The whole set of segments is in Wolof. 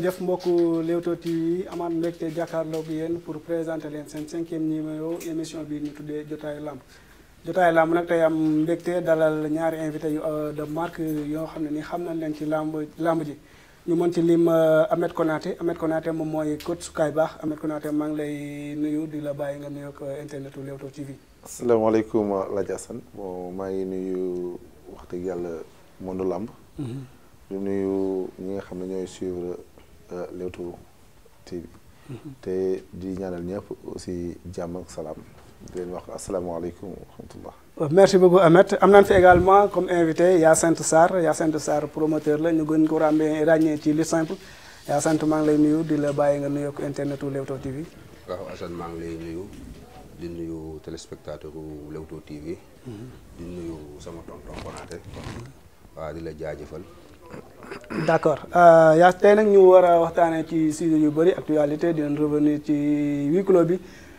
ngeen jëf mbokku Leewtoo TV yi amaat mbégte jàkkaarloog yéen pour présenter leen seen cinquième numéro émission bi ñu tuddee jotaayu làmb jotaayu làmb nag tey am mbégte dalal ñaari invité yu euh, de marque yoo xam ne ni xam nañ leen ci làmb làmb ji ñu mën ci lim euh, Ahmed Konaté Ahmed Konaté moom mooy coach sukaay baax Ahmed Konaté maa ngi lay nuyu di la bàyyi nga nuyoog euh, internetu Leewtoo TV. asalaamaaleykum Alaaji Assane bon maa ngi nuyu wax dëgg yàlla monde làmb. ñu mm-hmm. nuyu nga xam ne ñooy Euh, Leewtoo TV. Mm-hmm. te di ñaanal ñëpp aussi jàmm ak salaam di leen wax asalaamaaleykum wa rahmatullah. Euh, merci beaucoup Ahmed am nañ fi également comme invité Yacinthe Sarr Yacinthe Sarr promoteur la ñu gën ko ràmbee ràññee ci li simple Yacinthe maa ngi lay nuyu di la bàyyi nga nuyoog internet wu Leewtoo TV. waaw Assane maa ngi lay nuyu di nuyu téléspectateur wu Leewtoo TV. Mm-hmm. di nuyu sama tonton Konaté. Mm-hmm. waaw di la jaajëfal. d' accord euh, yaa tey nag ñu war a waxtaanee ci sujet yu bëri actualité dinañ revenir ci huis clos bi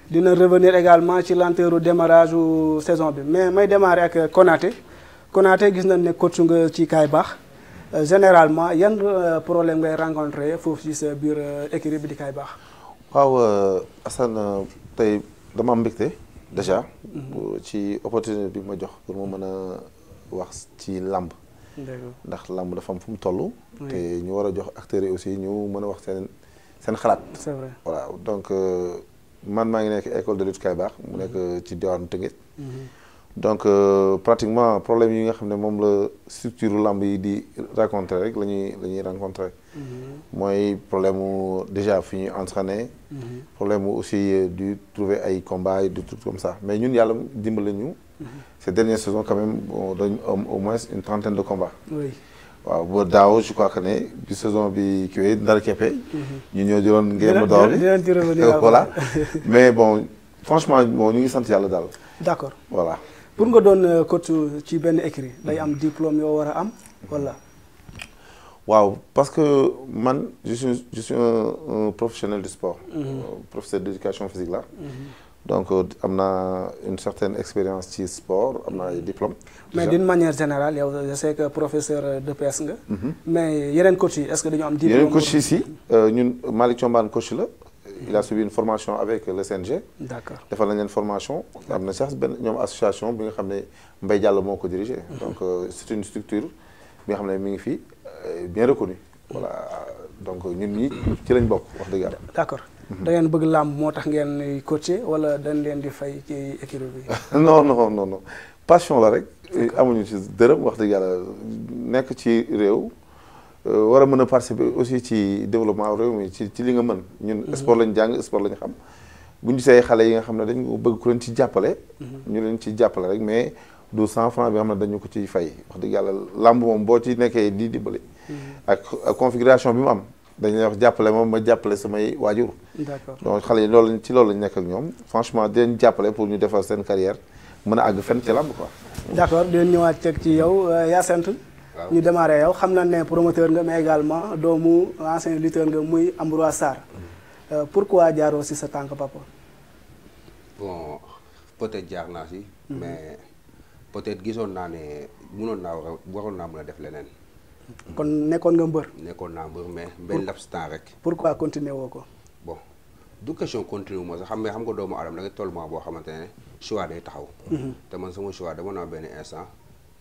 dina revenir également ci démarage démarrage saison bi mais may démarrer ak konaate Konaté gis nañ ne coach nga ci kaay baax euh, généralement yan euh, problème ngay rencontre foofu si sa biir écurie bi di kay baax. waaw Assane tey dama am mbégte déjà. Mhm. ci opportunité bi ma jox pour mu mën a wax ci làmb. ndax làmb dafa am fu mu toll. te ñu war a jox acteurs yi aussi ñu mën a wax seen seen xalaat. c'est voilà donc euh, man maa ngi nekk école de lutte kay baax mu nekk mhm. ci diwaanu Tëngéej. Mhm. donc euh, pratiquement problème yi nga xam ne moom la structure làmb yi di rencontrer rek la ñuy la ñuy rencontrer. Mhm. mooy problème mu déjà fi ñuy entraîner. problème mu aussi euh, du trouver ay combats du tout comme sax mais ñun yàlla dimbali ñu. ces dernières saisons quand même on donne au moins une trentaine de combats. oui waaw ba daaw je crois que ne bi saison bi kiiwee ndar keppe. Mhm. ñu ñëw jëloon ngeen daaw bi voilà mais bon franchement bon ñu ngi sant yàlla daal. d'accord voilà. pour nga doon euh, coach ci benn écrit day am diplôme yoo war a am wala. waaw parce que man je suis je suis un, un professionnel du sport. Mm -hmm. professeur d'éducation physique là. Mm -hmm. donc euh, am na une certaine expérience ci sport am na ay diplôme mais d'une manière générale yow je sais que professeur de PS nga. Mhm. mais yeneen coach yi est-ce que dañoo am. diplôme yeneen coach yi si euh, ñun Malick Thiombane coach la. il a subi une formation avec le CNG. d'accord defal nañ leen formation. am na sax benn ñoom association bi nga xam ne Mbaye Diallo moo ko dirigé. Mhm. donc euh, c'est une structure bi nga xam ne mi ngi fi bien reconnue. voilà donc ñun ñi ci lañ bokk wax dëgg yàlla. d'accord. da ngeen bëgg làmb moo tax ngeen coaché wala dañ leen di fay ci écurie bi. non non non no passion la rek. amuñu ci dërëm wax dëgg yàlla nekk ci réew. Euh, war a mën a participer aussi ci développement réew mi ci ci li nga mën. ñun mhm. sport lañ jàng sport lañ xam. bu ñu gisee xale yi nga xam ne dañ ko bëgg ku leen ci jàppale. Mhm. ñu leen ci jàppale rek mais du cent franc bi nga xam ne dañu ko ciy fay wax dëgg yàlla làmb moom boo ci nekkee di dimbali. Mhm. ak configuration bi mu am. dañ wax jàppale moom ma jàppale samay waajur. d'accord donc xale yi loolu lañ ci loolu lañ nekk ak ñoom franchement di jàppale pour ñu defar seen carrière mën a àgg fenn ci làmb ko d'accord di leen ñëwaat teg ci yow euh, yaa sant ñu démarré yow xam naa ne promoteur nga mais également doomu ancien lutteur nga muy Ambroise Sarr euh, pourquoi jaaroo si sa tànk papa. bon peut jaar naa si. Mhm. mais peut-être gisoon naa ne mënoon naa waroon naa mën a def leneen. kon nekkoon nga mbër. nekkoon naa mbër mais benn laps temps rek. pourquoi continuer woo ko. bon du question continuer moo sax xam nga xam nga doomu aadama da nga toll maa boo xamante ne choix day taxaw. Mhm. te man sama choix dama naa benn instant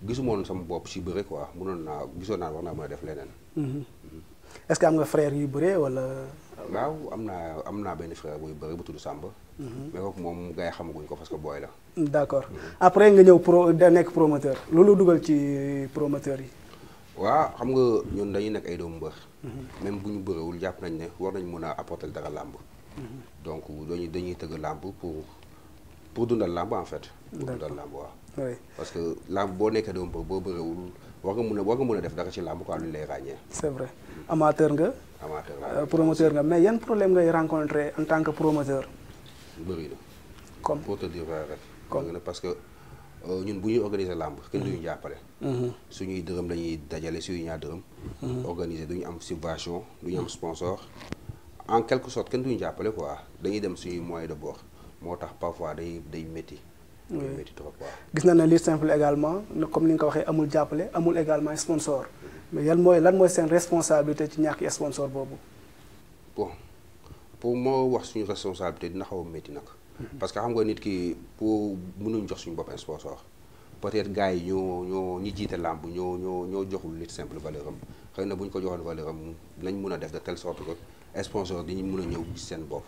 gisumoon sama bopp si bëre quoi mënoon naa gisoon naa wax naa mën a def leneen. Mhm. Mhm. est-ce que am nga frère yu bëree wala. waaw am naa am naa benn frère buy bëri bu tudd Samba. mais kooku moom gars yi xamaguñ ko parce que booy la. d'accord après nga ñëw pro da nekk promoteur loolu dugal ci promoteur yi. waaw xam nga ñun dañuy nekk ay doomu mbër. même bu ñu bëreewul jàpp nañ ne war nañ mën a apporter dara làmb. donc dañuy dañuy tëgg làmb pour pour dundal làmb en fait. pour dundal làmb waaw. parce que làmb boo nekkee doomu mbër boo bëreewul war nga mën a mën a def dara ci làmb quoi lu ñu lay ràññee. c'est vrai amateur nga. amateur nga euh, promoteur nga mais yan problème ngay rencontrer en tant que promoteur. bëri na. parce que. Euh, ñun bu ñuy organiser làmb kenn duñu mm-hmm. jàppale mm-hmm. suñuy dërëm lañuy dajale suñuy ñaar dërëm mm-hmm. organiser duñu am subvention duñu am sponsor en quelque sorte kenn duñu jàppale quoi dañuy dem suñuy moyen de bord moo tax parfois day day métti day métti trop gis na ne li simple également comme ni nga ko waxee amul jàppale amul également sponsor mais yan mooy lan mooy seen responsabilité ci ñàkk sponsor boobu bon pour moo wax suñu responsabilité dina xaw a métti nag parce que xam nga nit ki pour mënuñ jox suñu bopp sponsor peut-être gars yi ñoo ñoo ñi jiite làmb ñoo ñoo ñoo joxul nit simple valeur am xëy na bu ñu ko joxoon valeur am lañ mun a def de telle sorte que sponsor dañu mun a ñëw gis seen bopp.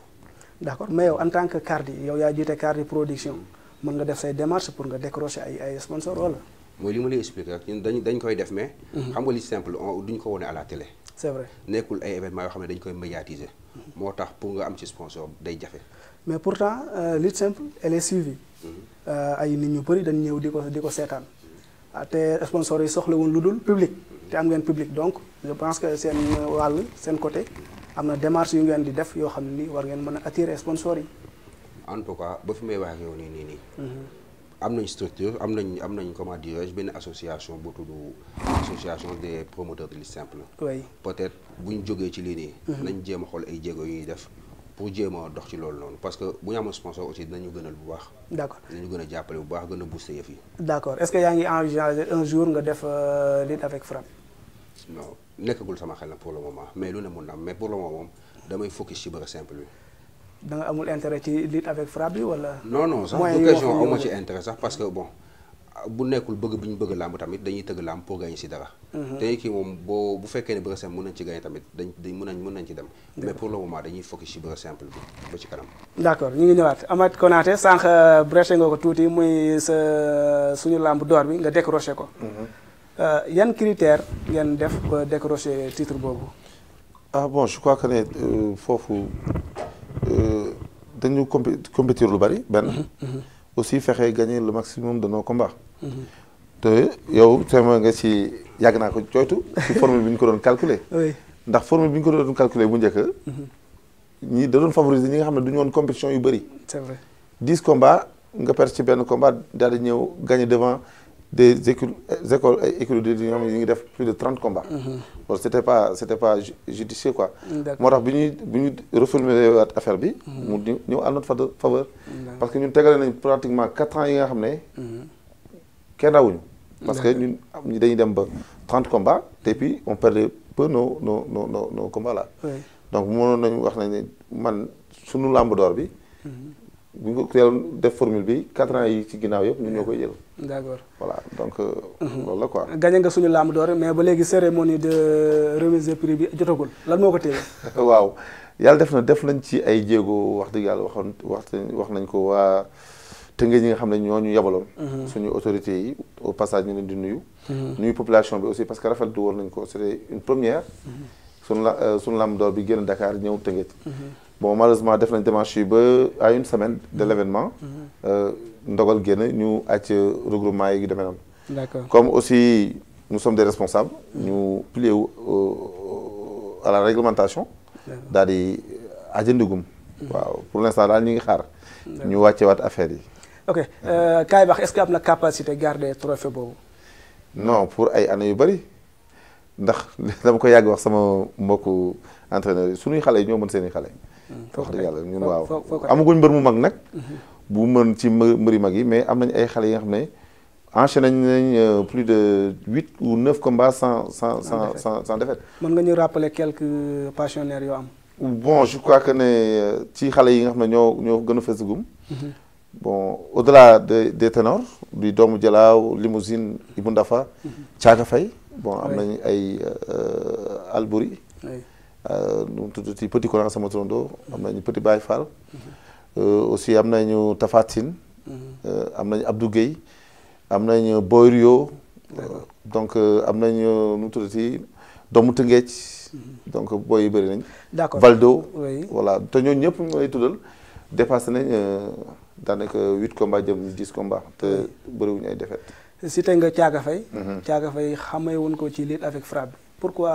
d'accord mais yow en tant que Cardi yow yaa jiite Cardi production mën nga def say démarche pour nga décrocher ay ay sponsor mooy li ma lay expliquer rek ñun dañ dañ koy def mais. Mhm. xam nga li simple duñ ko wone à la télé. c'est vrai nekkul ay événements xam ne dañ koy médiatiser. Mhm. moo tax pour nga am ci sponsor day jafe. mais pourtant euh, lutte simple elle est suivie euh, ay nit ñu bëri dañ ñëw di ko di ko seetaan ah, te sponsor yi soxla woon lu dul public te am ngeen public donc je que seen wàll seen côté am na démarche yu ngeen di def yoo xam ne nii war ngeen mën a attirer sponsor yi. en tout cas ba fi may wax yow nii nii nii. Mhm. am nañ structure am nañ am nañu comment dirais benn association bu tudd association des promoteurs de lutte simple. oui peut-être bu ñu jógee ci lii nii. Mhm. nañ jéem a xool ay jéego yu def. bu jéem ma dox ci loolu noonu parce que bu ñu amoon sponsor aussi dinañu gënal bu baax. d' accord dinañu a jàppale bu baax gën a booster yëf yi. d' accord est ce que yaa ngi envisager un jour nga def euh, lutte avec frappe. non nekkagul sama xel na pour le moment mais lu ne mun na am mais pour le moment damay focus ci bëre simple bi. da nga amul intérêt ci lutte avec frappe bi wala. non non sax occasion amoo ci intérêt sax parce que bon. bu nekkul bëgg bi ñu bëgg làmb tamit dañuy tëgg làmb pour gagner ci dara dañuy mhm. kii moom boo bu fekkee ne bëgg simple mun nañ ci gagner tamit dañ dañ mun nañ mën nañ ci dem mais pour le moment dañuy focus ci bëgg simple ñu ngi ñëwaat Amath Konaté sànq euh, breché nga ko tuuti muy sa suñu làmb d'or bi nga décroché ko mhm. euh, yan critère ngeen def ba titre boobu ah bon je crois que ne euh, foofu dañu compétir lu bari benn mhm, aussi fexe gagner le maximum de nos combats. Mhm. te yow témoin nga ci yàgg naa ko jooytu ci formule bi ñu ko doon calculer. ndax formule bi ñu ko doon calculer bu njëkk. Mhm. ñi da doon favoriser ñi nga xam ne du ñu woon compétition yu bëri. c'est vrai dix combats nga perdre ci benn combat daal di ñëw gagner devant. des écoles écoles euh, ay écoles de ñoom ñu ngi def plus de trente combats. Mhm. loolu c' était pas c' judicieux quoi. moo tax bi ñuy bi ñu affaire bi. Mhm. mu ñëw à notre parce que ñun tegale nañ pratiquement quatre ans yi nga xam ne. Mhm. kenn rawuñu. parce que ñu dañuy dem ba trente combats et puis on perdait peu nos nos nos nos nos combats là. donc mënoon nañu wax nañu man sunu làmb d'or bi. bu ñu ko teeloon def formule bi quatre ans yi ci ginnaaw yëpp ñun ñoo koy jël. d'accord voilà donc. Euh, mhm. loolu la quoi. gañe nga suñu làmb door mais ba léegi cérémonie de remise de prix bi jotagul lan moo ko téye. waaw yàlla def na def nañ ci ay jéego wax dëgg yàlla waxoon wax wax nañ ko waa Tëngéej ñi nga xam ne ñoo ñu yabaloon. Mhm. suñu autorité yi au passage ñu leen di nuyu. Mhm. nuyu population bi aussi parce que rafetlu woon nañ ko c'était une première. suñu la euh, suñu làmb door bi génn Dakar ñëw Tëngéej. bon malheureusement def nañ démarche yi ba à une semaine de l' événement. Euh, ndogal génn ñu àcc regroupement yi demee noonu. comme aussi nous sommes des ñu plié wu euh, euh, à la réglementation. daal di àjjandugum. waaw pour l' daal ñu ngi xaar. ñu wàcce waat affaire yi. ok kaay baax est ce que am na capacité garder trophée boobu. non pour ay années yu bëri ndax dama ko yàgg wax sama mbokk entraîneur yi suñuy xale yi ñoo mën seen i xale. wax dëgg yàlla ñun waaw amaguñ mbër mu mag nag mhm. bu mën ci mbëri mag yi mais am nañ ay xale yi nga xam ne enchaîné nañ euh, plus de huit ou neuf combats sans sans sans sans sans défaite mën nga ñu rappeler quelque euh, pensionnaires yoo am bon je crois que ne euh, ci xale yi nga xam ne ñoo ñoo gën a fësagum mhm. bon au-delà de des ténors du doomu Jalaaw Limousine Ibou Ndafa mhm. Thiaka Faye bon am nañ ay Albouri Euh, nu mu tuddati Petit Coran sama tondo am nañu Petit Baye Fall. Euh, aussi am nañu Tafatine. Euh, am nañu Abdou Guèye am nañu Boyrio. donc am nañu nu mu tuddati doomu Tëngéej. donc booy yu bëri nañ. d'accord Valdo. voilà te ñooñu ñëpp ñu lay tuddal dépassé nañ daanaka huit combats jëm dix combats te bëriwuñu ay défaites. si tey nga Thiaga Faye. Mhm. Thiaga Faye xamee woon ko ci lutte avec frappe. pourquoi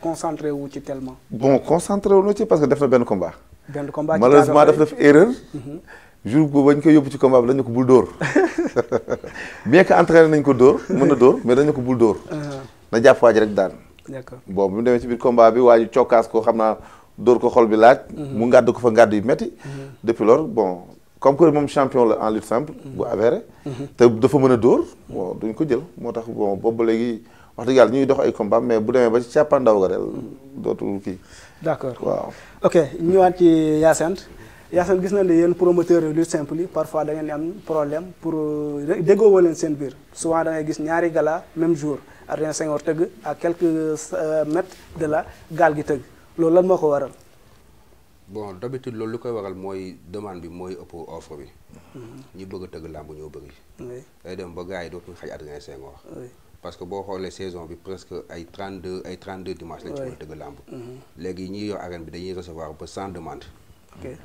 concentré wu ci tellement. bon concentré wu na ci parce que def na benn combat. benn combat ci def erreur. Mhm. jour boobu bañ ko yóbbu ci combat bi dañu ko bul dóor bien que entraîné nañ ko dóor mën na dóor mais dañu ko bul dóor. Uh-huh. na jàpp waaj rek daan. d'accord bon bi mu demee ci biir combat bi waa cokkaas ko xam naa dóor ko xol bi laaj. Mhm. mu ngàdd ko fa ngàdd yu metti mhm. depuis lors bon comme que champion la en lutte simple. bu avéré. te dafa mën a dóor bon duñ ko jël moo tax bon boobu léegi. wax dëgg ñuy dox ay combat mais bu demee ba ci càppaandaw ga del dootul kii. d'accord waaw. ok ñëwaat ci Yacine Yacine gis na ne yéen promoteur lu simple yi parfois da ngeen di am problème pour euh, déggoo woo leen seen biir souvent da ngay gis ñaari gala même jour Adrien Senghor tëgg ak quelques euh, mètres de la gaal gi tëgg loolu lan moo ko waral. bon d'habitude loolu lu koy waral mooy demande bi mooy ëpp offre bi. Mhm. ñu bëgg a tëgg làmb ñoo bëgg day dem ba gars yi dootuñu xaj Adrien Senghor. parce que boo xoolee saison bi presque ay 32 ay 32 dimanche lañ ci mën a tëgg làmb mhm. léegi ñiy yor arène bi dañuy recevoir ba 100 demande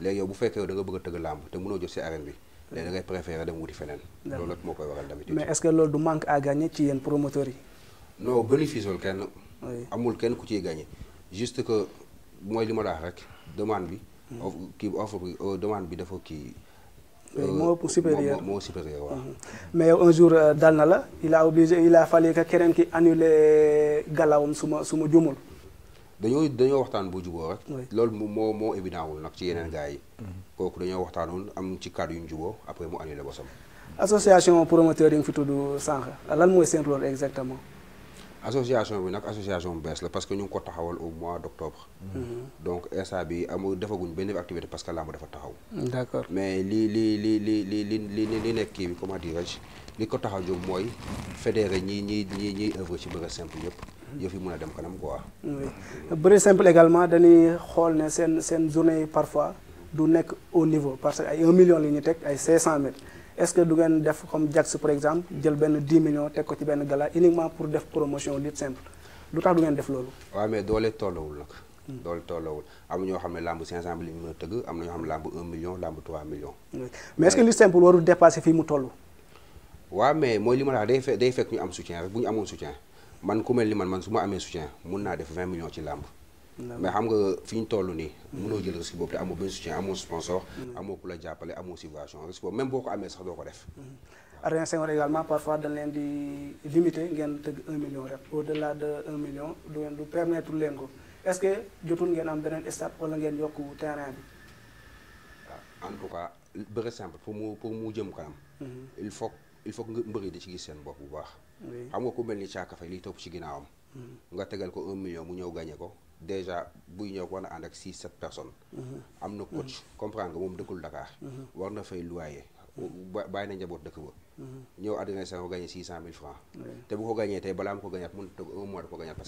léegi yow bu fekkee da nga bëgg a tëgg làmb te mënoo jot si arène bi léegi da ngay préféré dem wuti feneen loolu nag moo koy waral d'habitude mais est-ce que loolu du manque à gagner ci amul kenn ku ciy gagné juste que mooy li ma daax rek demande bi mhm. kii offre bi euh, demande bi dafa kii Euh, moo ëpp moo supérieur waaw. Mhm. mais yow un jour euh, dal na la il a obligé il a fallu que keneen ki annulé galawam su ma su ma jumul. dañoo dañoo waxtaan bu juboo rek. loolu moo moo évident wul nag ci yeneen mhm. gars yi. Mhm. kooku dañoo waxtaanoon am ci cadre yu ñu juboo après mu annulé bosam. association promoteur yi nga fi tudd sànq lan mooy Saint-Lô exactement. association bi nag association bu bees la parce que ñu ngi ko taxawal au mois d' octobre. Mm-hmm. donc instant bi amul defaguñ benn activité parce que làmb dafa taxaw. d' accord mais li li li li li li li nekk kii bi comment dirais-je li ko taxaw jóg mooy fédéré ñi ñi ñi ñiy œuvre ci bëgg simple yëpp. yëf fi mun a dem kanam quoi. bëri simple également dañuy xool ne seen seen journée yi parfois du nekk au niveau parce que ay 1 million la ñuy teg ay 500 mille. est-ce que du ngeen def comme Jax par exemple jël benn 10 millions teg ko ci benn gala uniquement pour def promotion lutte simple lu tax du ngeen def loolu. waaw mais doole tollawul nag. doole tollawul am ñoo xam ne làmb 500 mille mën a tëgg am na ñoo xam ne làmb 1 million làmb 3 millions. mais est-ce que simple warul dépasser fii mu toll. waaw mais mooy li day fekk ñu am soutien rek bu ñu amoon soutien man ku mel ni man man su ma amee soutien mun naa def 20 millions ci làmb. mais xam nga fi ñu toll nii mu mënoo jël risque boobu te amoo benn soutien amoo sponsor amoo jàppale amoo subvention risque boobu même boo ko amee sax doo ko def mm-hmm. Adrien Senghor également parfois dañ leen di limiter ngeen tëgg un million rek au delà de million du ngeen du leen ko est ce que jotul ngeen am beneen stade wala ngeen yokk terrain bi ah, tout cas bëri simple pour mu pour mu jëm kanam mm-hmm. il faut il faut que mbër di ci gis seen bopp bu baax xam nga ko mel ni Thiaka Faye liy topp ci ginnaawam mm-hmm. nga tegal ko un million mu ñëw gagné ko déjà buy ñëw war na ànd ak six sept personnes. Mm-hmm. am na coach mm-hmm. comprendre nga moom dëkkul Dakar. Mm-hmm. war na fay loyer. bàyyi na njaboot dëkk ba. ñëw Adrien Senghor gagné six cent mille francs te bu ko gagné tey balaa mu ko gagnaat mun toog un da ko gagnaat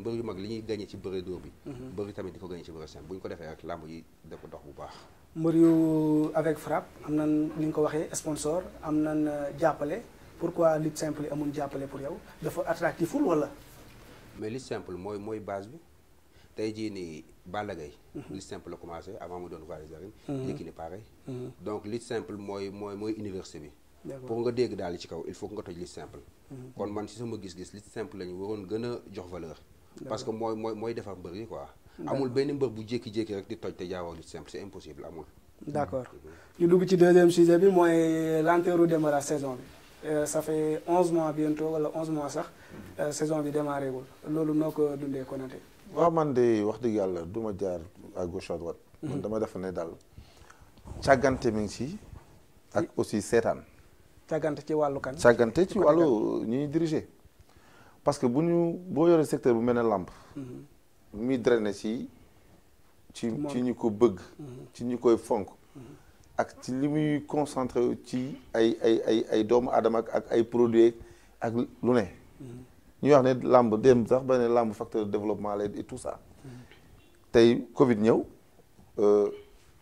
mbër yu mag li ñuy gagné ci bëre dóor bi mbër yi tamit di ko gagné ci bëre simple bu ñu ko defee rek làmb yi da ko dox bu baax mbër yu avec frappe am nan ni nga ko waxee sponsor am nan euh, jàppale pour quoi lutte simple yi amul jàppale pour yow dafa attractiful wala. mais lutte simple mooy mooy base bi tey jii nii Balla Gaye mhm. lutte simple la commencé avant mu doon voilier arène. Yékini mhm. pareil. Mhm. donc lutte simple mooy mooy mooy université bi. pour nga dégg daal ci kaw il faut nga toj simple. kon man si sama gis-gis lutte simple la ñu waroon gën a jox valeur. parce que mooy mooy mooy defar mbër yi quoi. amul benn mbër bu jékki-jékki rek di toj te jaawoo lutte simple c'est impossible amul. d' ñu dugg ci deuxième sujet bi mooy lenteuru démarrage saison Euh, ça fait onze mois bientôt wala onze mois sax euh, saison bi démarré gul loolu noo ko dundee Konaté. waaw man de wax dëgg yàlla duma ma jaar à gauche à droite. Mhm. man dama def daal càggante mi ngi ci ak aussi seetaan. càggante ci wàllu kan. càggante ci wàllu ñuy diriger. parce que bu ñu boo yore secteur bu mel ne làmb. muy mhm. drainer ci ci ci ñu ko bëgg. Mhm. ci ñu koy fonk. ak ci li muy concentre ci ay ay ay ay doomu aadama ak ay produits ak lu ne. Mm-hmm. ñuy wax ne làmb dem sax ba ne làmb facteur de développement la et tout ça. Mm-hmm. tey Covid ñëw euh,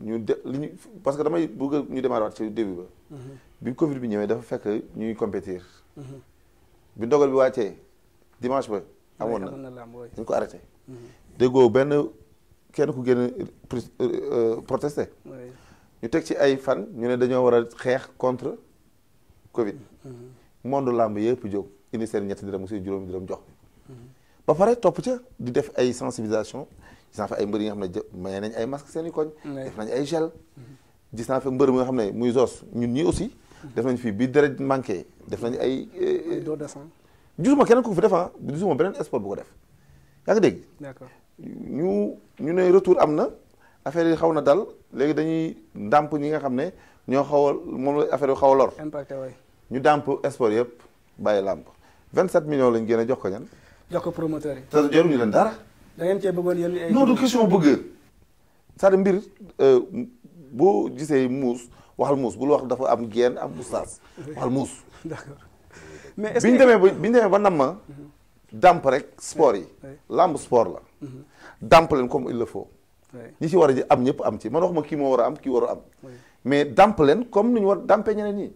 ñu de li ñu parce que damay bëgg ñu démarrer waat ci début mm-hmm. bi Covid bi ñëwee dafa fekk ñuy compétir. bi ndogal bi wàccee dimanche ba. amoon na dañ ko arrêté. déggoo benn kenn ku génn pris euh, euh, protesté. ñu teg ci ay fan ñu ne dañoo war a xeex contre Covid. monde làmb yëpp jóg indi seen ñetti dërëm monsieur juróomi dërëm jox ba pare topp ca di def ay sensibilisation gis ay mbër yi nga xam ne jë maye nañ ay masques seen i koñ. def ay gel. gis naa fa mbër mi nga xam ne muy zos ñun ñii aussi. def nañ fii bi deret manqué def nañ ay. Euh, ay euh, don de sang. gisuma keneen ku fi def ah gisuma beneen sport bu ko def yaa ngi dégg. ñu ñu ne retour am na. affaire yi xaw na dal léegi dañuy ndàmp ñi nga xam ne ñoo xaw a moom la affaire yi xaw a lor. impacté waay ñu dàmp sport yëpp bàyyi làmp 27 millions lañ génne jox ko ñan. jox ko promoteur yi. te jaruñu leen dara. da ngeen cee bëggoon yéen ay. non du question bëgg. c'est-à-dire boo euh, gisee muus waxal muus bul wax dafa am geen am oustaz waxal mais est ñu demee ba bi ba namm. Mhm. dàmp rek sport yi. làmb sport la. Mhm. dàmp leen comme il le faut. ñi ci war a am ñëpp am ci man wax ma kii moo war am kii war a am mais dàmp leen comme ni ñu war dampee ñeneen ñi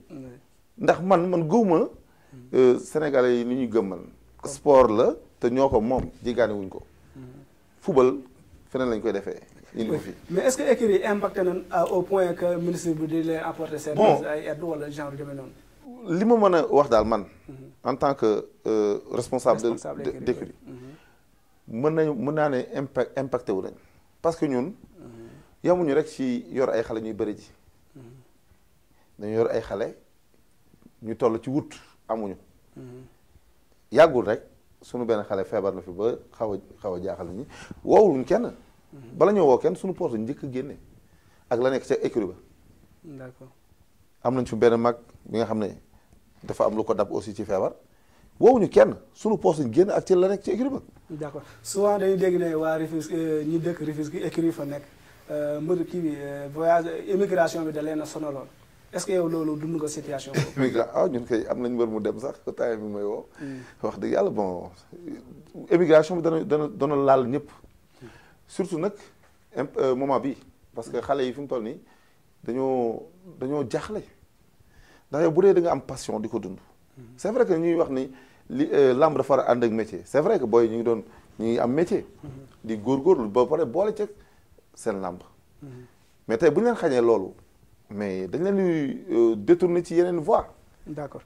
ndax man man gëwma mm. euh, sénégalais yi ni ñu gëmmal sport la te ñoo ko moom jigaane wuñ ko mm. fubal feneen lañ koy defee ñu ko fii mais est-ce que écurie yi impacté nañ euh, au point que ministre bi di leen apporter seen ay aide wala genre demee noonu li ma mën a wax daal man mm-hmm. en tant que euh, responsable d'écurie mm-hmm. mën nañu mën naa ne impact impacté wu nañ parce que ñun yamuñu rek ci yor ay xale ñuy bëri ji dañu yor ay xale ñu toll ci wut amuñu yàggul rek sunu benn xale feebar na fi ba xaw a xaw a jaaxal nañu ñi woowuñ kenn bala ñoo woo kenn sunu porte njëkk a génne ak la nekk ca écurie ba am nañ fi benn mag bi nga xam ne dafa am lu ko dab aussi ci feebar ñu kenn sunu poste lañ génn ak ci la nekk ci écurie ba. d'accord souvent dañuy dégg ne waa Rufisque euh, ñi dëkk Rufisque écurie fa nekk euh, mbër kii bi euh, voyage immigration bi da leen a sonaloon est-ce que yow loolu dund nga situation boobu. immigrant ah am nañ mbër mu dem sax temps bi may woo. Hmm. wax dëgg yàlla bon bi dana dana dana laal ñëpp. surtout nag moment bi parce que xale yi fi mu toll nii dañoo dañoo jaaxle ndax yow bu dee da nga am passion di ko dund. c' est que ñuy wax ni li euh, lamb dafa war a ànd ak métier c' est vrai que booy ñu ngi doon ñu ngi am métier. Mm-hmm. di góorgóorlu ba pare boole ceeg seen lamb. Mm-hmm. mais tey bu ñu leen xañee loolu mais dañ leen di euh, détourner ci yeneen voie. d' accord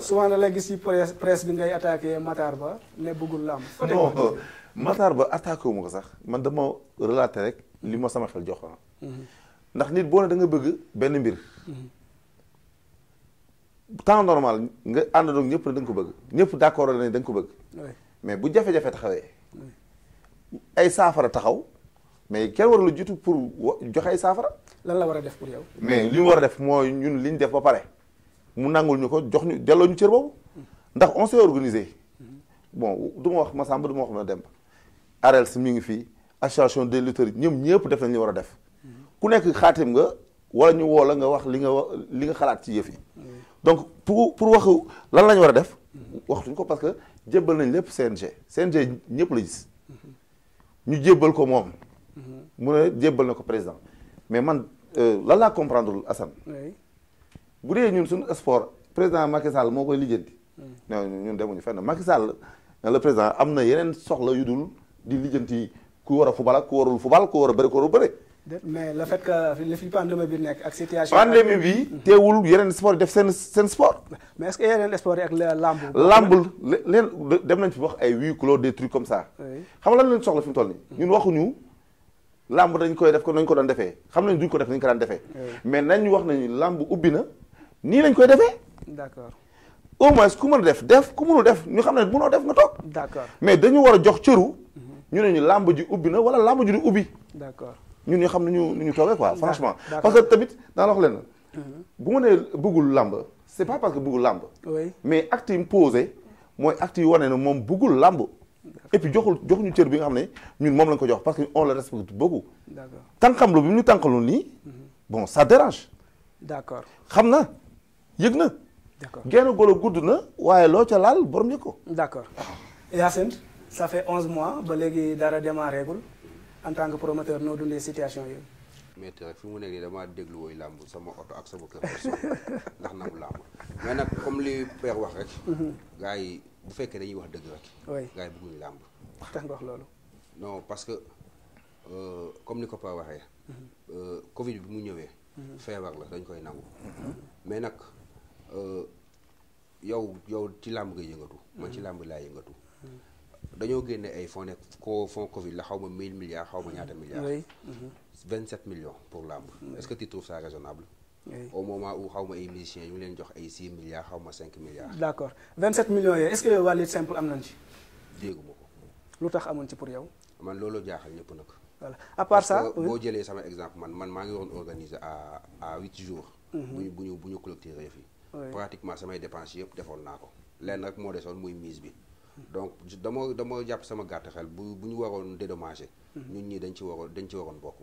souvent da la gis ci presse presse bi ngay attaque Matar Ba ne bëggul lamb. non euh, Matar Ba attaqué wu ma ko sax man dama relaté rek li ma sama xel jox ah. mm-hmm. ndax nit boo ne da nga bëgg benn mbir. temps normal nga ànd doog ñëpp da nga ko bëgg ñëpp d' accord nañ da ko bëgg. mais bu jafe-jafe taxawee. ay saafara taxaw mais kenn warul a jiitu pour joxe ay saafara. lan la war a def pour yow. mais li mu war a def mooy ñun liñ def ba pare mu nangul ñu ko jox ñu delloo ñu cër boobu mm-hmm. ndax on s' est organisé mm-hmm. bon du ma wax Massamba du ma wax ma Demba. si mi ngi fii association des lutteurs ñoom ñëpp def nañ li war a def mm-hmm. ku nekk xaatim nga wala ñu woo la nga wax li nga wax li nga xalaat ci yëf yi. donc pour pour waxu lan la war a def waxtuñ ko parce que jébbal nañ lépp CNG CNG ñëpp la gis ñu jébbal ko moom mu ne jébbal na ko président mais man euh, lan laa comprendre Assane bu dee ñun suñu sport président Macky moo koy lijjanti non ñun demuñu fenn Macky Sall ne le président am na yeneen soxla yu dul di lijjanti ku war a fubal ak ku warul fubal ku war a bëri ku warul bëri mais le fait que li fi pandémie bi nekk ak situation. pandémie bi hmm. teewul yeneen sport def seen seen sport. mais est-ce que yeneen sport yi ak lamb. lamb leen dem nañ fi wax ay huis clos des trucs comme ça. xam nga lan lañ soxla fi mu toll nii. Hmm. ñun waxuñu lamb dañ koy def ko nañ ko daan defee xam nañ duñ ko def nañ ko daan defee. mais nañ wax nañu lamb ubbi na nii lañ koy defee. d'accord au moins ku mën a def def ku mënul def ñu xam ne mënoo def nga toog. d'accord mais dañu war a jox cëru. Hmm. ñu ne ñu lamb ji ubbi na wala lamb ji du ubbi. d'accord. ñun ñu xam nañu nu ñu toogee quoi franchement parce que tamit daan wax leen mhm. bu ma nee bëggul làmb c'est pas parce que bëggul làmb mais acte yi mu posé mooy acte yi wane na moom bëggul làmb et puis joxul joxuñu cër bi nga xam ne ñun moom lañ ko jox parce que on le respecte beaucoup tànqamlu bi ñu tànqalu nii mhm. bon ça dérange d'accord xam na yëg na genn golo gudd na waaye loo ca laal borom yëg ko d'accord Yacine ça fait onze mois ba léegi dara démarré gul en tant que promoteur noo dundee situation yooyu. metti rek fi mu nekk nii damaa déglu woy làmb sama oto ak sama kër ndax nangu làmb mais nag comme li Père wax rek. Mhm. gars yi bu fekkee dañuy wax dëgg rek. oui gars yi bëgguñu làmb. tax nga wax loolu. non parce que euh, comme ni ko Père waxee. Mhm. Euh, Covid bi mu ñëwee. Mhm. feebar la dañ koy nangu. mais nag euh, yow yow ci làmb nga yëngatu. man ci làmb laay yëngatu. dañoo génne ay fonds ne ko Covid la xaw ma 1000 milliards xaw ma ñaata milliards. oui. 27 mhm. millions pour lamb. est-ce que tu trouves ça raisonnable. Oui. moment où xaw ma ay musiciens yu leen jox ay 6 milliards xaw ma 5 milliards. d'accord 27 millions yooyu est-ce que waa lutte simple am nañ ci. dégguma ko. lu tax amoon ci pour yow. man loolu jaaxal ñëpp nag. à part que boo jëlee sama exemple man man maa ngi woon organiser à à huit jours. Mhm. bu ñu bu ñu bu ñu collecté fii. pratiquement samay dépenses yëpp defoon naa ko. lenn rek moo desoon muy mise bi. donc dama dama jàpp sama gàtt xel bu bu ñu waroon dédommagé. Mhm. ñun ñii dañ ci waroon dañ ci waroon bokk.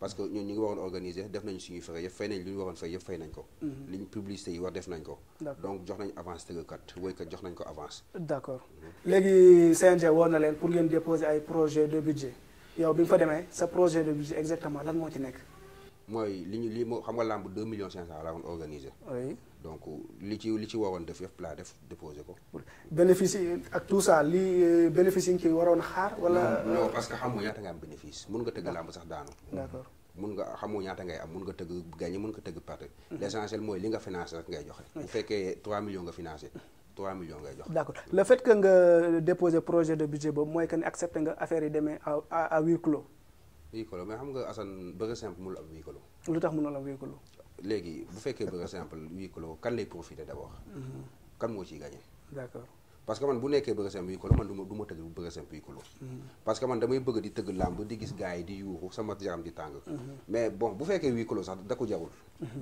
parce que ñun ñu ngi waroon organiser def nañ suñuy frais yëpp fay nañ li ñu waroon fay yëpp fay nañ ko. Mhm. liñ publicité yi war def nañ ko. donc jox nañ avance tëggkat woykat jox nañ ko avance. d' mhm. léegi CNG woo na leen pour ngeen déposer ay projet de budget yow bi nga fa demee sa projet de budget exactement lan moo ci nekk. mooy li ñu lii moo xam nga làmb deux millions 500 la woon organisé. oui donc li ci li ci waroon def yëpp laa def déposé ko. bénéfice ak tout ça li euh, bénéfice yi nga ciy waroon xaar wala. non parce que xamoo ñaata nga am bénéfice mun nga tëgg làmb sax daanu. mun nga xamoo ñaata ngay am mun nga tëgg gagné mun nga tëgg perte. Mm-hmm. l'essentiel mooy li nga financé rek ngay joxe. bu fekkee 3 millions nga financé. 3 millions ngay jox. d'accord le fait que nga déposé projet de budget boobu mooy que ne accepté nga affaire yi demee à à véhicule mais xam nga Assane bëgg simple mënul am véhicule. lu tax mënul am véhicule. léegi bu fekkee bëgg simple véhicule kan lay profiter d'abord. Mhm. kan moo ciy gagné. d'accord parce que mhm. parce que man damay bëgg di tëgg làmb di gis gars di yuuxu sama yaram di tàng. Mhm. mais bon bu fekkee véhicule sax da jarul.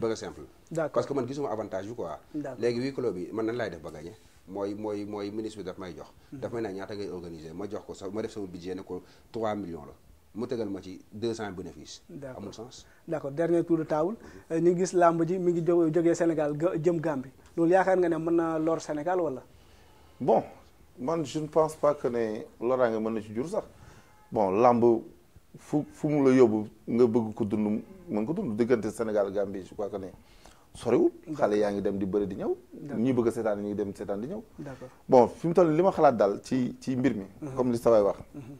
bëgg simple. parce que man gisuma avantage bi quoi. d'accord léegi véhicule bi man nan laay def ba gagné. mooy mooy mooy ministre may jox. daf may naa ñaata ngay organiser ma jox ko sa ma ko 3 la. mu tegal ma ci deux cent bénéfices. amul sens d' accord dernier tour de table. Mm-hmm. Euh, ñu gis làmb ji mi ngi jogee Sénégal jëm Gambie loolu yaakaar nga ne mën na loor Sénégal wala. bon man je ne pense pas que ne loraa nga mën na ci jur sax bon làmb fu fu mu la yóbbu nga bëgg ko dund mën ko dund diggante Sénégal Gambie je crois que ne soriwul. xale yaa ngi dem di bëri di ñëw. ñuy bëgg a seetaan ñi ngi dem seetaan di ñëw. bon fi mu toll li ma xalaat daal ci ci mbir mi. Mm-hmm. comme li sa waay wax. Mm-hmm.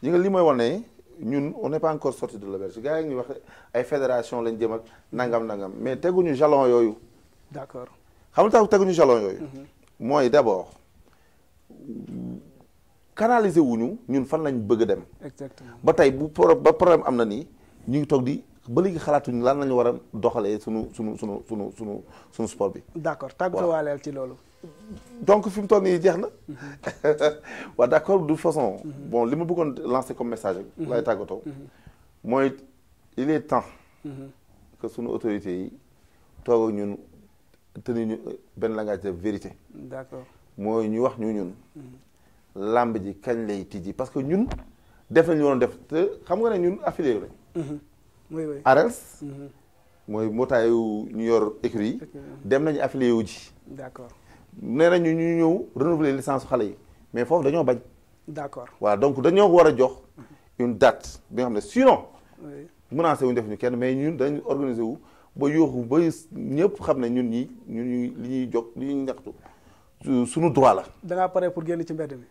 yi nga li mooy wane ñun on n'est pas encore sorti de l'auberge gars yi ñuy wax ay fédération lañ jëm ak nangam nangam mais teguñu jalon yooyu. d'accord xam nga teguñu jalon yooyu. Mhm. mooy d'abord canaliser wuñu ñun fan lañ bëgg a dem. exactement ba tey bu ba problème am na nii ñu ngi toog di ba léegi xalaatuñu lan lañu war a doxalee sunu sunu sunu sunu sunu sunu sport bi. d'accord tàggatoo waaleel ci loolu. donc fi mu toll nii jeex na waa d'accord de toute façon mhm. bon li ma buggoon lancer comme message rek mhm. lay tàggatoo mhm. mooy il est temps que suñu autorités yi toog ak ñun tenu ñu euh, benn langage de vérité d'accord mooy ñu wax ñu ñun làmb ji kañ lay tijji parce que ñun def nañu waroon def te xam nga ne ñun affilié lañ ARELS mooy mbootaayu ñu yor écurie yi dem nañu affilié wu ji d'accord nee nañu ñu ñëw renouveler licence xale yi mais foofu dañoo bañ. d'accord waa donc dañoo war a jox mhm. une date bi nga xam ne sinon. menacé wuñ def ñu kenn mais ñun dañu organiser wu ba yooxu ba ñëpp xam ne ñun ñi ñun ñi li ñuy jóg li ñuy ñaxtu suñu droit la. da ngaa pare génn ci mbedd mi.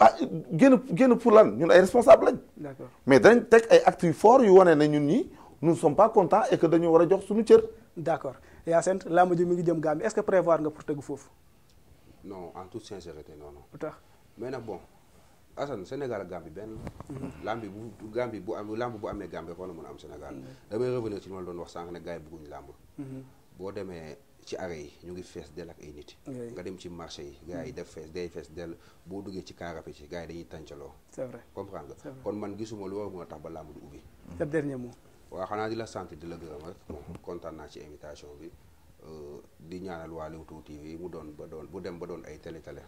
ah génn génn pour lan ñun ay responsable lañ. d'accord mais danañ teg ay yu fort yu wane ñun ñi nous ne sommes pas contents et que dañoo war a jox suñu cër. d'accord Yacine làmb ji mi ngi jëm gaa mi est-ce prévoir nga pour tegu foofu. non en toute sincérité noonu non. tax mais na bon asan Sénégal ak Gambie benn. Mhm. lambi bu Gambie bu am lamb bu amee Gambie war na mën a am Sénégal. Mhm. damay revenir ci li ma la doon wax sànq ne gars yi bëgguñu lamb. Mhm. boo demee ci arrêt yi ñu ngi fees dell ak ay nit. nga dem ci marché yi gars yi def fees day fees dell boo duggee ci kaarape ci gars yi dañuy tàncaloo. c'est vrai comprendre kon man gisuma lu war a mën a tax ba lamb du ubbi. sa xanaa di la sant di la gërëm rek. kontaan naa bi. Euh, di ñaanal waa Leewtoo TV mu bu dem ba doon ay télé télé.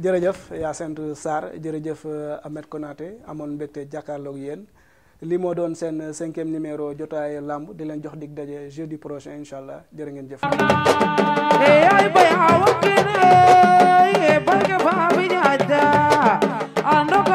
jërëjëf yaa sant Sarr jërëjëf euh, Ahmed Konaté amoon mbégte jàkkaarloog yéen li moo doon seen cinquième numéro jotaay lamb di leen jox dig daje jeudi prochain incha allah jërë ngeen jëf.